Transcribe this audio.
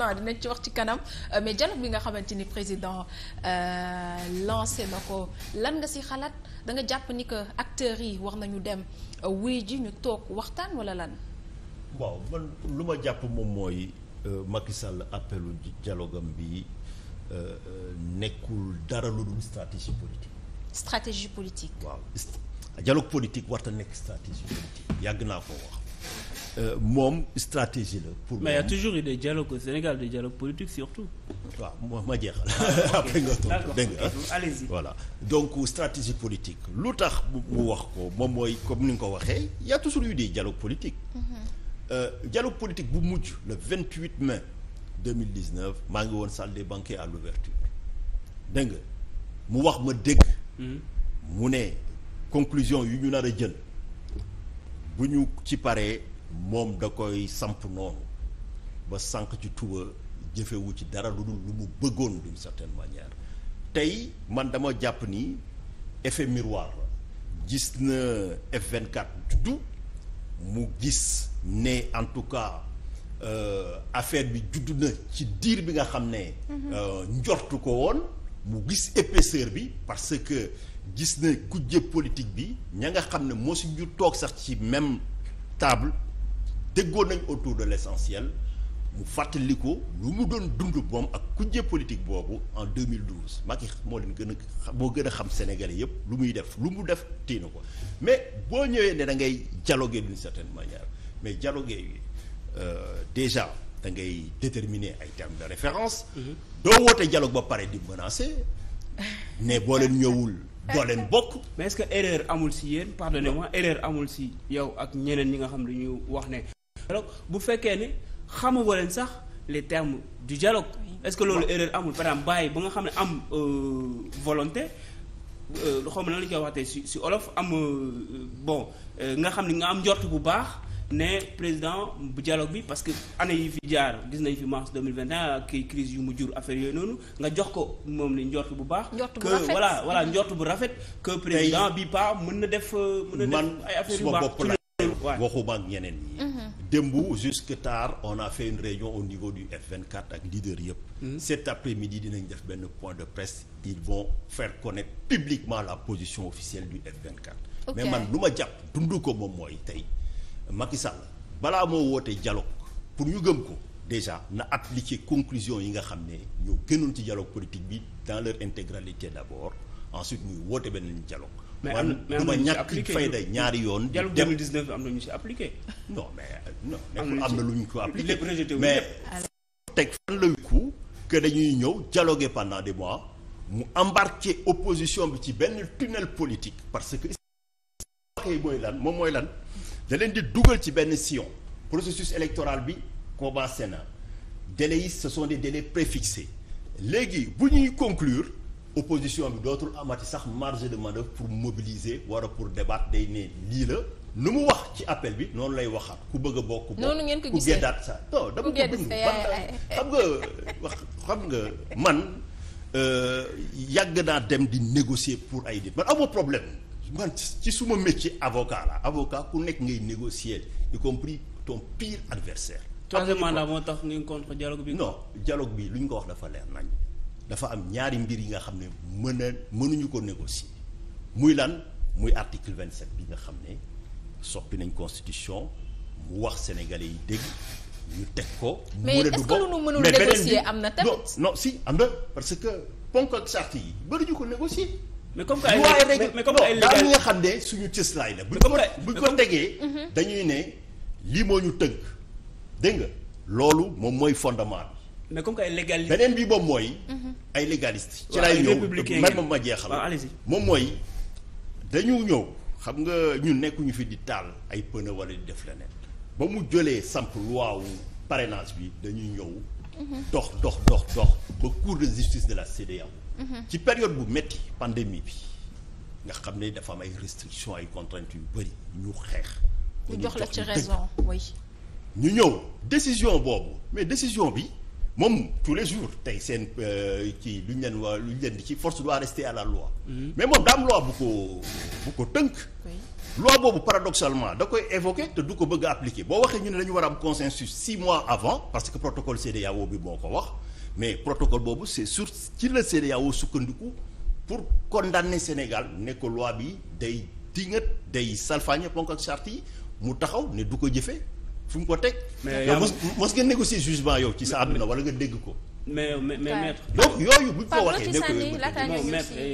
naa dinañ ci wax ci kanam euh, mais dialogue bi nga xamante ni président euh, lancé na ko lan nga si xalaat da nga jàpp ni que acteurs yi wax nañu dem euh, wuy ji ñu toog waxtaan wala lan. waaw man lu ma jàpp moom mooy Macky Sall appelu dialogue am bi nekkul dara lu dul stratégie politique. stratégie politique. waaw dialogue politique warta nekk stratégie politique yàgg naa ko wax. Euh, moom stratégie la. pour mais y a toujours eu des dialogues au Sénégal des dialogues politiques surtout. waaw moo ma jeexal ah, après nga tontu voilà donc stratégie politique lu tax mu wax ko moom mooy comme ni nga ko waxee y a toujours eu des dialogues politiques. Mm-hmm. Euh, dialogue politique bu mujj le 28 mai 2019 maa ngi woon salle des banquets à l'ouverture dégg nga mu wax ma dégg. Mm-hmm. mu ne conclusion yu ñu nar a jël bu ñu ci paree. moom da koy samp noonu ba sànq ci tuba jëfewu ci dara lu dul lu mu bëggoon d'une certaine manière tey man dama jàpp ni effet miroir la gis na F24 juddu mu gis ne en tout cas euh, affaire bi judd na ci diir bi nga xam ne mhm. euh, njortu ko woon mu gis épaisseur bi parce que gis na kujje politique bi ña nga xam ne moo si toog sax ci même table déggoo nañ autour de l'essentiel mu ko lu mu doon dund moom ak kujje politique boobu en 2012 Macky moo leen gën a moo gën a xam Sénégalais yëpp lu muy def lu mu def tiinu ko mais boo ñëwee ne da ngay dialoguer d'une certaine manière mais dialoguer yi euh, déjà da ngay déterminer ay termes de référence. Mm-hmm. doo woote dialogue ba pare di menacer ne boo leen ñëwul. doo leen bokk. mais ce que erreur amul si yéen pardonnez-moi erreur amul si yow ak ñeneen ñi nga xam ne ñu wax ne alors bu fekkee ni xamu leen sax les termes du dialogue est-ce que loolu erreur amul par exemple bàyyi ba nga xam ne am euh, volonté euh, xaw ma nan la ñu si si olof am euh, bon nga xam ni nga am njort bu baax ne président bu dialogue bi parce que année yi fi jaar gis nañ fi mars 2021 kii crise yu mu jur affaire yooyu noonu nga jox ko moom ni njort bu baax que voilà voilà mm-hmm. njort bu rafet que président bi pas mën na def mën na def ay affaire yu baax waxuma ak ñeneen ñi mm-hmm. démb jusque tard on a fait une réunion au niveau du F24 ak leader yëpp. Mm. cet après-midi dinañ def benn point de presse ils vont faire connaître publiquement la position officielle du F24. Okay. mais man lu ma jàpp dund ko moom mooy tey Macky Sall balaa moo woote dialogue pour ñu gëm ko déjà na appliquer conclusion yi nga xam ne ñoo gënoon ci dialogue politique bi dans leur intégralité d'abord ensuite ñuy woote benn dialogue. mais am na du ma ñàkk fayda ñaari yoon. dem 2019 am na ñu si appliqué. non mais non nekkul am na lu ñu ko appliqué. lépp mais teg fan la ku que dañuy ñëw dialoguer pendant des mois mu embarquer opposition bi ci benn tunnel politique parce que. waxee mooy lan moom mooy lan da leen di dugal ci benn sillon processus électoral bi combat Sénat délais yi ce sont des délais préfixés léegi bu ñuy conclure. opposition bi dootul amati sax marge de manœuvre pour mobiliser wala pour débattre day ne lii la nu mu wax ci appel bi noonu lay waxaat ku bëgg a bokk. noonu ngeen ko gisee ku geddaat sa non dama ko bind xam nga wax xam nga man euh, yàgg naa dem di négocier pour ay nit man amoo problème man ci suma métier avocat la avocat ku nekk ngay négocier y compris ton pire adversaire troisième mandat moo tax ngeen contre dialogue bi. non dialogue bi lu ñu ko wax dafa leer nañ. dafa am ñaari mbir yi nga xam ne mën a mënuñu ko négocier muy lan muy article vingt sept bi nga xam ne soppi nañ constitution mu wax sénégalais yi dégg ñu teg ko. mu mais du ce que lu nu mënul négocier am na tamit non si am parce que ponk ak charte yi bëri ñu ko négocier. mais comme que ay mais comme ay légal nga xam ne suñu cëslaay la. buñ ko buñ ko tegee. Mhm. dañuy ne lii moo ñu tënk dégg nga loolu moom mooy fondement mais ay légaliste beneen bi boobu mooy. Mhm. ay légaliste. ci laay ñëw man moom ma jeexal. moom mooy dañu ñëw xam nga ñu nekkuñu fi di taal ay pneu wala di def leneen ba mu jëlee samp loi wu bi dañuy ñëw. Mhm. dox dox dox dox ba cour de justice de la CEDEAO. Mhm. ci période bu métti pandémie bi nga xam ne dafa am ay restrictions ay contraintes yu bëri ñu xeex. ñu jox la ci raison oui. ñu ñëw décision boobu mais décision bi. moom tous les jours tey seen euh, ci lu leen waa lu ñu leen di ci force doit rester à la loi. Mm-hmm. mais moom daa am bu ko bu ko tënk. loi boobu paradoxalement da koy évoquer te du ko bëgg a appliquer boo waxee ñu ne dañu war a am consensus six mois avant parce que protocole CEDEAO bi moo ko wax mais protocole boobu c'est sur ci la CEDEAO sukkandiku pour condamner Sénégal ne ko loi bi day dingat day salfaañe ponk ak charte yi mu taxaw ne du ko jëfe fu ko teg. mais yow mos mos ngeen négocier jugement yow ci sa àdduna wala nga dégg ko. mais mais maître. donc yooyu buñ ko waxee.